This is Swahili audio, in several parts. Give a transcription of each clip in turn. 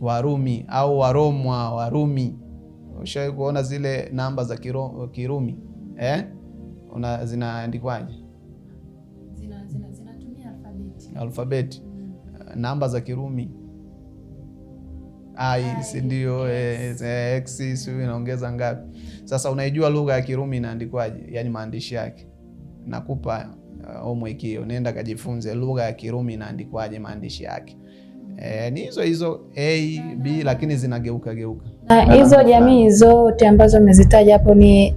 Warumi au Waromwa, Warumi. Ushawahi kuona zile namba za kiro, Kirumi eh? Una zinaandikwaje? Zina, zina, zinatumia alfabeti, alfabeti. Mm. Namba za Kirumi ai, si ndio? X eh, sio inaongeza ngapi? Sasa unaijua lugha ya Kirumi inaandikwaje, yaani maandishi yake. Nakupa uh, homework hiyo, nenda kajifunze lugha ya Kirumi inaandikwaje maandishi yake. E, ni hizo hizo A, B lakini zinageuka geuka. Na hizo jamii zote ambazo umezitaja hapo ni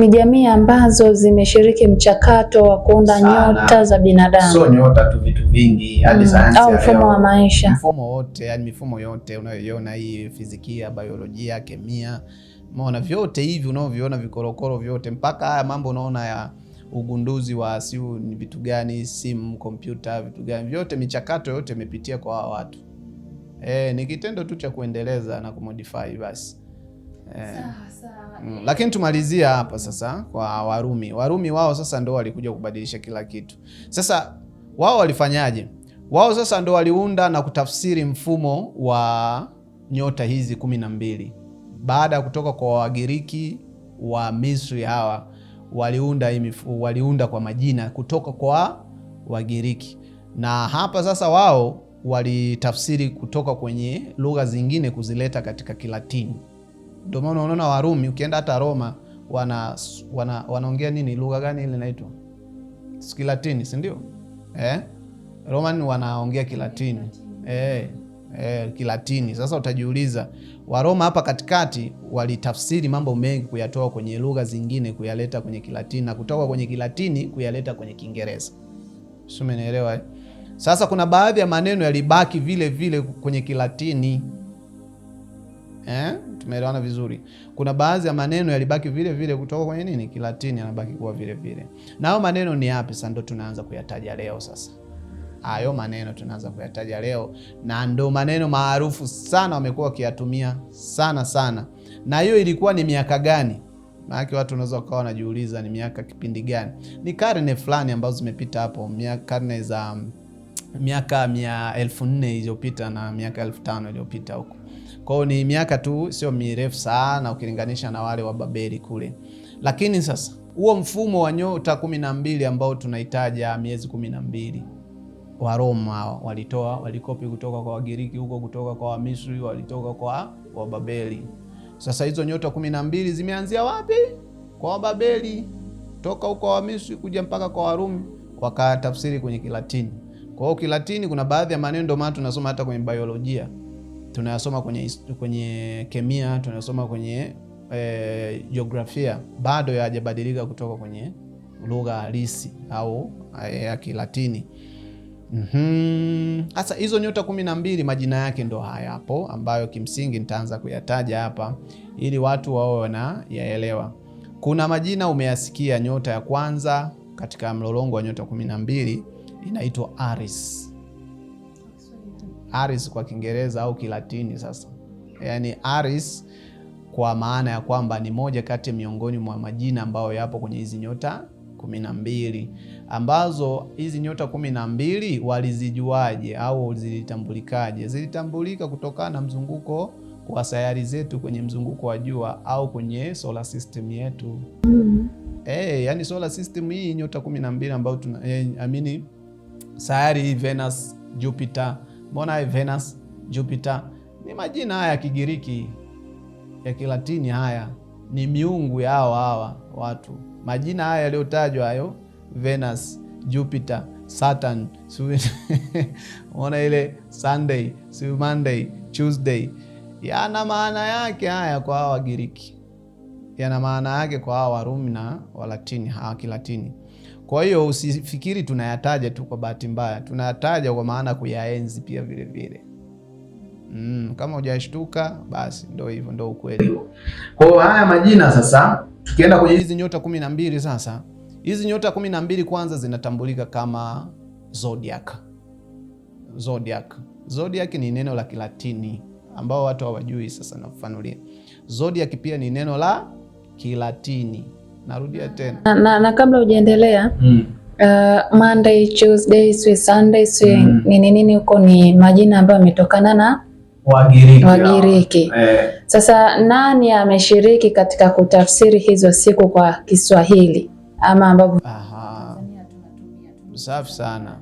ni jamii ambazo zimeshiriki mchakato wa kuunda nyota za binadamu. So nyota tu, vitu vingi hadi mm. sayansi au mfumo wa maisha, mfumo wote, yani mifumo yote unayoiona hii, fizikia, biolojia, kemia, maona vyote hivi unavyoviona, vikorokoro vyote, mpaka haya mambo unaona ya ugunduzi wa siu ni vitu gani, simu, kompyuta, vitu gani vyote, michakato yote imepitia kwa hawa watu. E, ni kitendo tu cha kuendeleza na kumodify basi. E, mm, lakini tumalizia hapa sasa kwa Warumi. Warumi wao sasa ndo walikuja kubadilisha kila kitu. Sasa wao walifanyaje? Wao sasa ndo waliunda na kutafsiri mfumo wa nyota hizi kumi na mbili baada ya kutoka kwa Wagiriki wa Misri hawa waliunda, waliunda kwa majina kutoka kwa Wagiriki, na hapa sasa wao walitafsiri kutoka kwenye lugha zingine kuzileta katika Kilatini. Ndio maana unaona Warumi, ukienda hata Roma wana, wana, wanaongea nini, lugha gani ile inaitwa Kilatini, si ndio? Eh? Roman wanaongea Kilatini eh eh, Kilatini. Sasa utajiuliza Waroma hapa katikati walitafsiri mambo mengi kuyatoa kwenye lugha zingine kuyaleta kwenye Kilatini na kutoka kwenye Kilatini kuyaleta kwenye Kiingereza. Sio, umeelewa? Eh? Sasa kuna baadhi ya maneno yalibaki vile vile kwenye Kilatini. Eh, tumeelewana vizuri. Kuna baadhi ya maneno yalibaki vile vile kutoka kwenye nini? Kilatini yanabaki kuwa vile vile. Nao maneno ni yapi? Sasa ndo tunaanza kuyataja leo sasa hayo maneno tunaanza kuyataja leo, na ndo maneno maarufu sana wamekuwa wakiyatumia sana sana. Na hiyo ilikuwa ni miaka gani? Maanake watu wanaweza ukawa wanajiuliza ni miaka kipindi gani? Ni karne fulani ambazo zimepita hapo, karne za miaka mia elfu nne iliyopita na miaka elfu tano iliyopita huko kwao ni miaka tu sio mirefu sana ukilinganisha na wale wa Babeli kule. Lakini sasa huo mfumo wa nyota kumi na mbili ambao tunahitaja miezi kumi na mbili Waroma walitoa walikopi kutoka kwa Wagiriki huko, kutoka kwa Wamisri, walitoka kwa Wababeli. Sasa hizo nyota kumi na mbili zimeanzia wapi? Kwa Wababeli, toka huko Wamisri kuja mpaka kwa Warumi, wakatafsiri kwenye Kilatini. Kwa hiyo Kilatini kuna baadhi ya maneno, ndio maana tunasoma hata kwenye biolojia tunayasoma kwenye, kwenye kemia tunayasoma kwenye e, bado yajabadilika kutoka kwenye lugha halisi au eh, ya Kilatini hasa mm-hmm. mm -hmm. Hizo nyota kumi na mbili majina yake ndo hayapo, ambayo kimsingi nitaanza kuyataja hapa ili watu wawe wanayaelewa. Kuna majina umeyasikia, nyota ya kwanza katika mlolongo wa nyota kumi na mbili inaitwa aris aris kwa Kiingereza au Kilatini. Sasa yaani aris kwa maana ya kwamba ni moja kati ya miongoni mwa majina ambayo yapo kwenye hizi nyota kumi na mbili ambazo hizi nyota kumi na mbili walizijuaje au zilitambulikaje? Zilitambulika kutokana na mzunguko wa sayari zetu kwenye mzunguko wa jua au kwenye solar system yetu. mm -hmm. Hey, eh, yani solar system hii nyota kumi na mbili ambayo tuna eh, amini sayari hii Venus, Jupiter. Mbona hii Venus, Jupiter ni majina haya ya Kigiriki ya Kilatini, haya ni miungu yao hawa hawa watu, majina haya yaliyotajwa hayo Venus, Jupiter, Saturn, ona ile Sunday, si Monday, Tuesday, yana maana yake haya kwa hawa Wagiriki, yana maana yake kwa hawa Warumi na Walatini, hawa Kilatini. Kwa hiyo usifikiri tunayataja tu kwa bahati mbaya, tunayataja kwa maana kuyaenzi pia vile Mm, kama hujashtuka basi ndo hivyo, ndo ukweli. Kwa hiyo haya majina sasa, tukienda kwenye hizi nyota kumi na mbili sasa Hizi nyota kumi na mbili kwanza zinatambulika kama zodiac. Zodiac. Zodiac ni neno la Kilatini ambao watu hawajui, sasa nafafanulia. Zodiac pia ni neno la Kilatini. Narudia tena na, na, na kabla hujaendelea hmm. Uh, Monday, Tuesday, swi Sunday, swi hmm. nini nini huko ni majina ambayo yametokana na Wagiriki. Wagiriki. Eh. Sasa nani ameshiriki katika kutafsiri hizo siku kwa Kiswahili? ama ambavyo safi sana.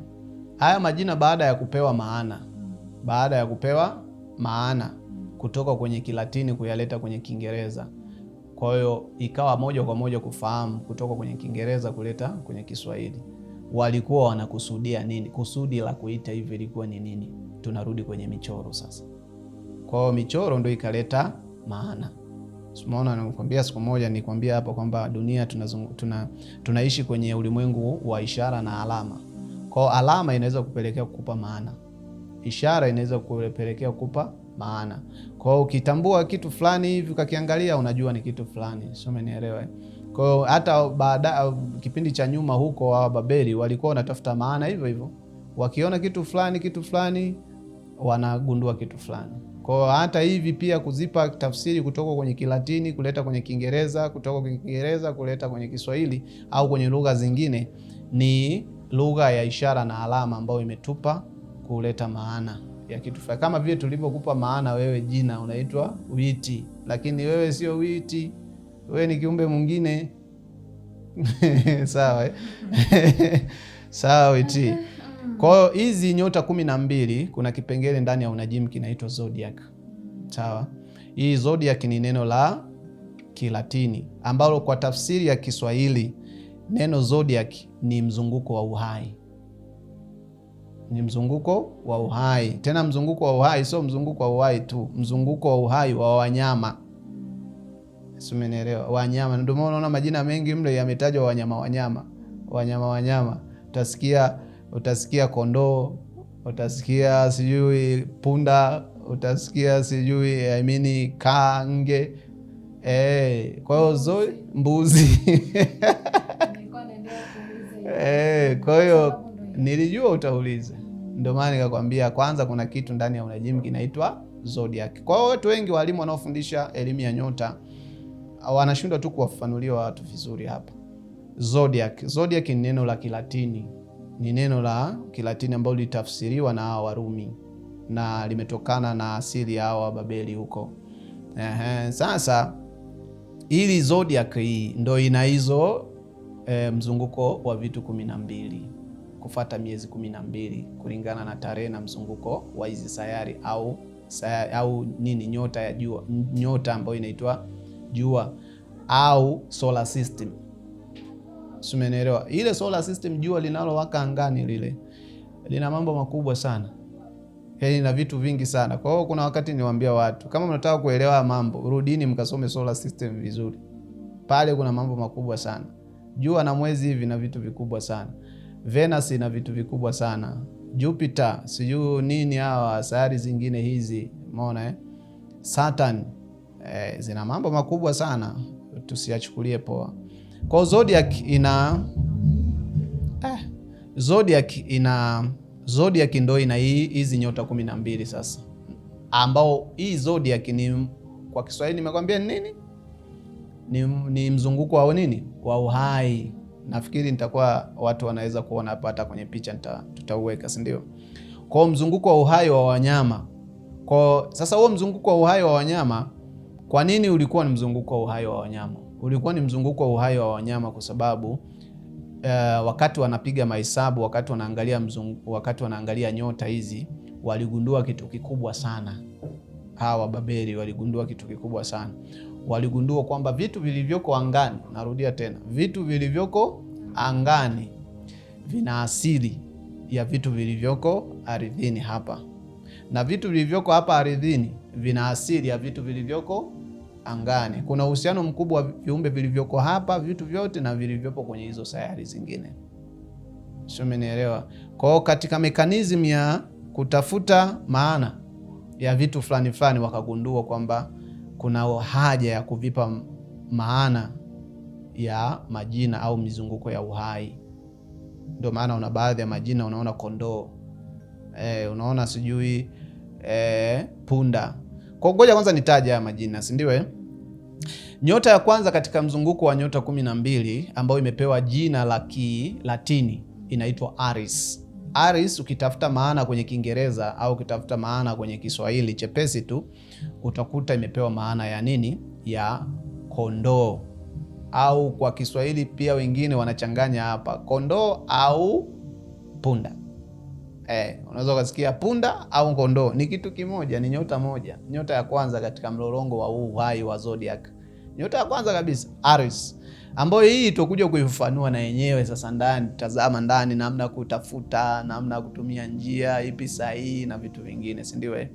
Haya majina baada ya kupewa maana, baada ya kupewa maana kutoka kwenye Kilatini kuyaleta kwenye Kiingereza, kwa hiyo ikawa moja kwa moja kufahamu kutoka kwenye Kiingereza kuleta kwenye Kiswahili. Walikuwa wanakusudia nini? Kusudi la kuita hivi ilikuwa ni nini? Tunarudi kwenye michoro sasa. Kwa hiyo michoro ndio ikaleta maana. Simaona nikuambia siku moja nikwambia hapo kwamba dunia tunaishi tuna, tuna kwenye ulimwengu wa ishara na alama. Kwa alama inaweza kupelekea kukupa maana, ishara inaweza kupelekea kukupa maana. Kwa ukitambua kitu fulani hivi ukakiangalia, unajua ni kitu fulani, sio? Umenielewa? Kwa hata baada kipindi cha nyuma huko wa Babeli walikuwa wanatafuta maana hivyo hivyo, wakiona kitu fulani kitu fulani wanagundua kitu fulani. Kwa hata hivi pia kuzipa tafsiri kutoka kwenye Kilatini kuleta kwenye Kiingereza, kutoka kwenye Kiingereza kuleta kwenye Kiswahili au kwenye lugha zingine, ni lugha ya ishara na alama ambayo imetupa kuleta maana ya kitu fulani, kama vile tulivyokupa maana wewe, jina unaitwa Witi, lakini wewe sio Witi, wewe ni kiumbe mwingine sawa, eh? sawa Witi. Kwa hiyo hizi nyota kumi na mbili kuna kipengele ndani ya unajimu kinaitwa zodiac. Sawa? Hii zodiac ni neno la Kilatini ambalo kwa tafsiri ya Kiswahili neno zodiac ni mzunguko wa uhai, ni mzunguko wa uhai. Tena mzunguko wa uhai sio mzunguko wa uhai tu, mzunguko wa uhai wa wanyama. Simenielewa? Wanyama, ndio maana unaona majina mengi mle yametajwa wanyama, wanyama, wanyama, wanyama, utasikia utasikia kondoo, utasikia sijui punda, utasikia sijui I mean kaa nge eh, kwa hiyo zoe mbuzi eh, kwa hiyo nilijua utauliza, ndio maana nikakwambia kwanza kuna kitu ndani ya unajimu kinaitwa zodiac. Kwa hiyo watu wengi walimu wanaofundisha elimu ya nyota wanashindwa tu kuwafafanulia watu vizuri hapa. Zodiac, zodiac ni neno la Kilatini ni neno la Kilatini ambalo litafsiriwa na hawa Warumi na limetokana na asili ya hawa Babeli huko. Ehe, sasa ili zodiac hii ndo ina hizo e, mzunguko wa vitu kumi na mbili kufata miezi kumi na mbili kulingana na tarehe na mzunguko wa hizi sayari au sayari, au nini nyota ya jua, nyota ambayo inaitwa jua au solar system simenelewa. Ile solar system, jua linalowaka angani lile lina mambo makubwa sana, yaani na vitu vingi sana. Kwa hiyo kuna wakati niwaambia watu, kama mnataka kuelewa mambo, rudini mkasome solar system vizuri. Pale kuna mambo makubwa sana. Jua na mwezi hivi na vitu vikubwa sana. Venus ina vitu vikubwa sana. Jupiter, sijui nini hawa sayari zingine hizi, umeona eh? Saturn eh, zina mambo makubwa sana, tusiyachukulie poa. Kwa zodiac ina eh, zodiac ina zodiac ndo ina hizi nyota kumi na mbili sasa, ambao hii zodiac ni kwa Kiswahili nimekwambia nini ni, ni mzunguko wa nini wa uhai. Nafikiri nitakuwa watu wanaweza kuona hapa, hata kwenye picha tutauweka, si ndio? Kwa mzunguko wa uhai wa wanyama. Kwa sasa huo mzunguko wa uhai wa wanyama, kwa nini ulikuwa ni mzunguko wa uhai wa wanyama? ulikuwa ni mzunguko wa uhai wa wanyama kwa sababu uh, wakati wanapiga mahesabu, wakati wanaangalia mzungu, wakati wanaangalia nyota hizi waligundua kitu kikubwa sana. Hawa Babeli waligundua kitu kikubwa sana, waligundua kwamba vitu vilivyoko angani, narudia tena, vitu vilivyoko angani vina asili ya vitu vilivyoko ardhini hapa, na vitu vilivyoko hapa ardhini vina asili ya vitu vilivyoko angani. Kuna uhusiano mkubwa wa viumbe vilivyoko hapa, vitu vyote na vilivyopo kwenye hizo sayari zingine, sio? Umenielewa? Kwa hiyo katika mekanizmu ya kutafuta maana ya vitu fulani fulani, wakagundua kwamba kuna haja ya kuvipa maana ya majina au mizunguko ya uhai. Ndio maana una baadhi ya majina unaona kondoo, e, unaona sijui e, punda. Kwa ngoja kwanza nitaje haya majina, si ndio? Eh? Nyota ya kwanza katika mzunguko wa nyota kumi na mbili ambayo imepewa jina la Kilatini inaitwa aris Aris ukitafuta maana kwenye Kiingereza au ukitafuta maana kwenye Kiswahili chepesi tu utakuta imepewa maana ya nini? Ya kondoo au kwa Kiswahili pia wengine wanachanganya hapa kondoo au punda. Eh, unaweza ukasikia punda au kondoo, ni kitu kimoja, ni nyota moja, nyota ya kwanza katika mlolongo wa uhai wa zodiac. Nyota ya kwanza kabisa Aries, ambayo hii tukuja kuifafanua na yenyewe sasa ndani, tazama ndani, namna kutafuta, namna kutumia njia ipi sahihi na vitu vingine, si ndio? Eh?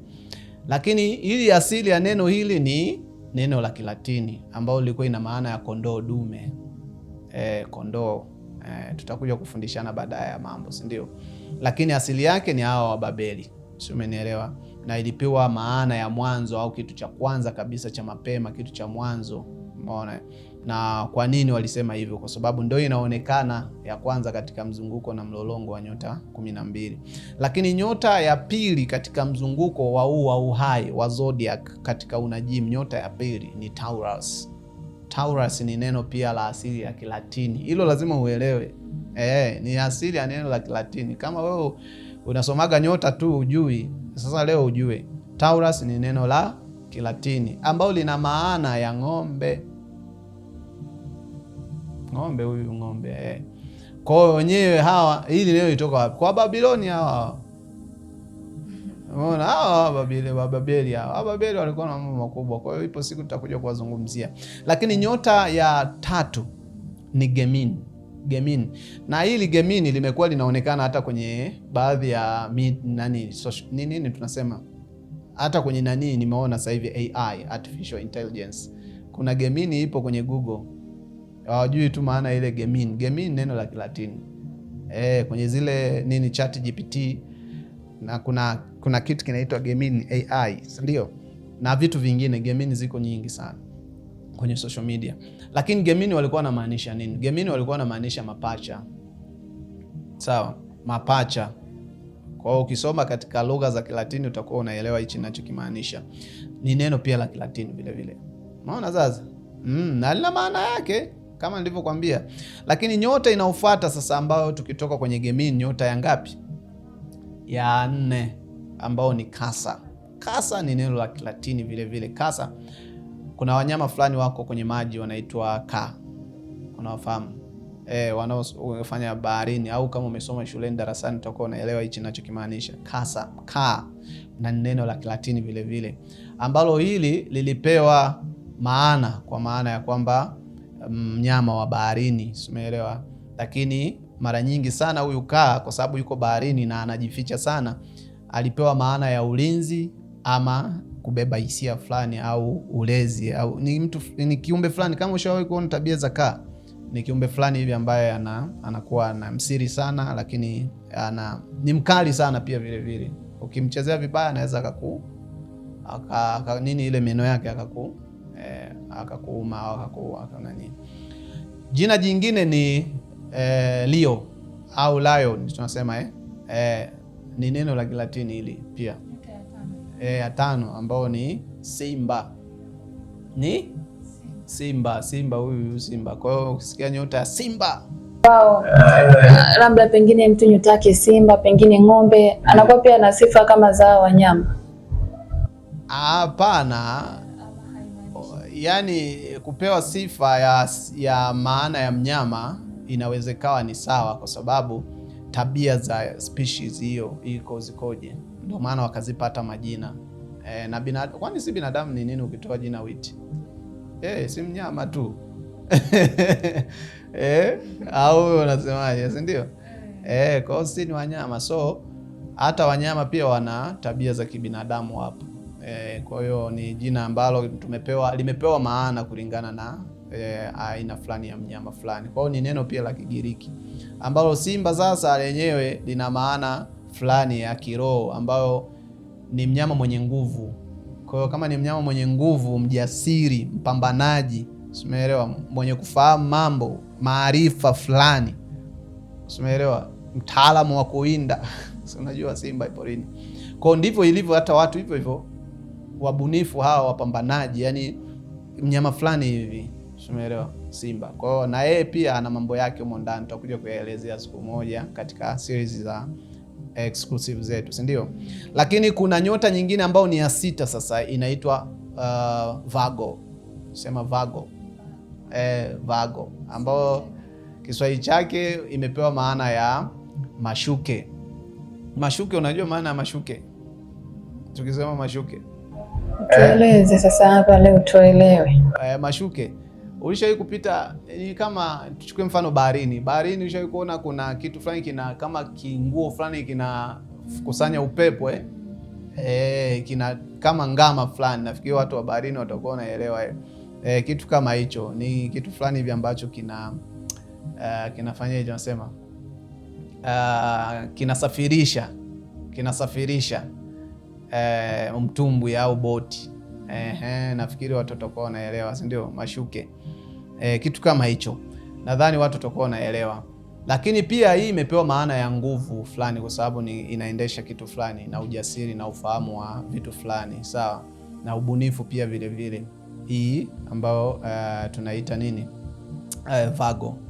Lakini hili asili ya neno hili ni neno la Kilatini ambalo lilikuwa ina maana ya kondoo dume. Eh, kondoo eh, tutakuja kufundishana baadaye ya mambo, si ndio? Lakini asili yake ni hawa wa Babeli, si umenielewa? Na ilipewa maana ya mwanzo au kitu cha kwanza kabisa cha mapema, kitu cha mwanzo, umeona. Na kwa nini walisema hivyo? Kwa sababu ndio inaonekana ya kwanza katika mzunguko na mlolongo wa nyota kumi na mbili, lakini nyota ya pili katika mzunguko wa uu wa uhai wa zodiac katika unajimu, nyota ya pili ni Taurus. Taurus ni neno pia la asili ya Kilatini, hilo lazima uelewe. eh, ni asili ya neno la Kilatini. Kama wewe unasomaga nyota tu ujui, sasa leo ujue Taurus ni neno la Kilatini ambao lina maana ya ng'ombe. Ng'ombe huyu ng'ombe, eh. Kwa hiyo wenyewe hawa, hili neno litoka wapi? Kwa Babiloni hawa Unaona hawa Wababeli, Wababeli hawa Babeli walikuwa na mambo makubwa, kwa hiyo ipo siku tutakuja kuwazungumzia. Lakini nyota ya tatu ni Gemini. Gemini. Na hili Gemini limekuwa linaonekana hata kwenye baadhi ya nani social, nini, nini tunasema hata kwenye nani nimeona sasa hivi AI, artificial intelligence. Kuna Gemini ipo kwenye Google. Hawajui tu maana ile Gemini. Gemini neno la Kilatini. Eh, kwenye zile nini chat GPT na kuna kuna kitu kinaitwa Gemini AI, sindio? na vitu vingine. Gemini ziko nyingi sana kwenye social media, lakini Gemini walikuwa wanamaanisha nini? Gemini walikuwa wanamaanisha mapacha, sawa, mapacha. Kwa hiyo ukisoma katika lugha za Kilatini utakuwa unaelewa hichi ninachokimaanisha. Ni neno pia la Kilatini vile vile, unaona sasa mm, na lina maana yake kama nilivyokwambia, lakini nyota inaofuata sasa, ambayo tukitoka kwenye Gemini, nyota ya ngapi? Ya nne ambao ni kasa. Kasa ni neno la Kilatini vile. Kasa, kuna wanyama fulani wako kwenye maji wanaitwa ka, unawafahamu e, wanaofanya baharini, au kama umesoma shuleni darasani utakuwa unaelewa hichi ninachokimaanisha. Kasa, ka, na neno la Kilatini vilevile, ambalo hili lilipewa maana kwa maana ya kwamba mm, mnyama wa baharini, simeelewa. Lakini mara nyingi sana huyu kaa, kwa sababu yuko baharini na anajificha sana alipewa maana ya ulinzi ama kubeba hisia fulani au ulezi au ni mtu ni kiumbe fulani. Kama ushawahi kuona tabia za kaa, ni kiumbe fulani hivi ambaye ana, anakuwa na msiri sana, lakini ana, ni mkali sana pia vile vile. Ukimchezea vibaya anaweza akaku aka, nini ile meno yake akaku eh, akakuuma au akaku nini. Jina jingine ni eh, Leo au lion tunasema eh, eh ni neno la Kilatini hili pia e, ya tano ambao ni simba, ni simba. Simba huyu simba, kwa hiyo ukisikia nyota ya simba Labda pengine mtu nyota yake simba, pengine ng'ombe, anakuwa pia na sifa kama za wanyama. Hapana, yaani kupewa sifa ya, ya maana ya mnyama inawezekana ni sawa, kwa sababu tabia za species hiyo iko zikoje, ndio maana wakazipata majina e, na binad... kwani si binadamu ni nini ukitoa jina witi e, si mnyama tu e, au unasemaje, si ndio? E, kwa si ni wanyama, so hata wanyama pia wana tabia za kibinadamu hapo. E, kwa hiyo ni jina ambalo tumepewa limepewa maana kulingana na eh, aina fulani ya mnyama fulani. Kwa hiyo ni neno pia la Kigiriki ambalo simba sasa lenyewe lina maana fulani ya kiroho ambayo ni mnyama mwenye nguvu. Kwa hiyo kama ni mnyama mwenye nguvu, mjasiri, mpambanaji, simeelewa, mwenye kufahamu mambo, maarifa fulani, simeelewa, mtaalamu wa kuwinda unajua simba ipo lini. Kwa hiyo ndivyo ilivyo hata watu hivyo hivyo, wabunifu hawa, wapambanaji, yani mnyama fulani hivi Umeelewa? Simba. Kwa hiyo na yeye pia ana mambo yake humo ndani, tutakuja kuyaelezea siku moja katika series za eh, exclusive zetu, si ndio? Lakini kuna nyota nyingine ambayo ni ya sita sasa inaitwa uh, Vago. Sema Vago. Eh, Vago ambayo Kiswahili chake imepewa maana ya mashuke. Mashuke, unajua maana ya mashuke? Tukisema mashuke. Tueleze sasa hapa leo tuelewe. Eh, mashuke Ulishawahi kupita eh, ni kama tuchukue mfano baharini. Baharini ulishawahi kuona kuna kitu fulani kina kama kinguo fulani kinakusanya upepo eh? E, kina kama ngama fulani. Nafikiri watu wa baharini watakuwa wanaelewa E, kitu kama hicho ni kitu fulani hivi ambacho kina uh, kinafanya hicho nasema uh, kinasafirisha kinasafirisha uh, mtumbwi au boti. Ehe, nafikiri watu watakuwa wanaelewa, si ndio? Mashuke e, kitu kama hicho. Nadhani watu watakuwa wanaelewa, lakini pia hii imepewa maana ya nguvu fulani, kwa sababu ni inaendesha kitu fulani na ujasiri na ufahamu wa vitu fulani, sawa na ubunifu pia vilevile, hii ambayo uh, tunaita nini uh, Vago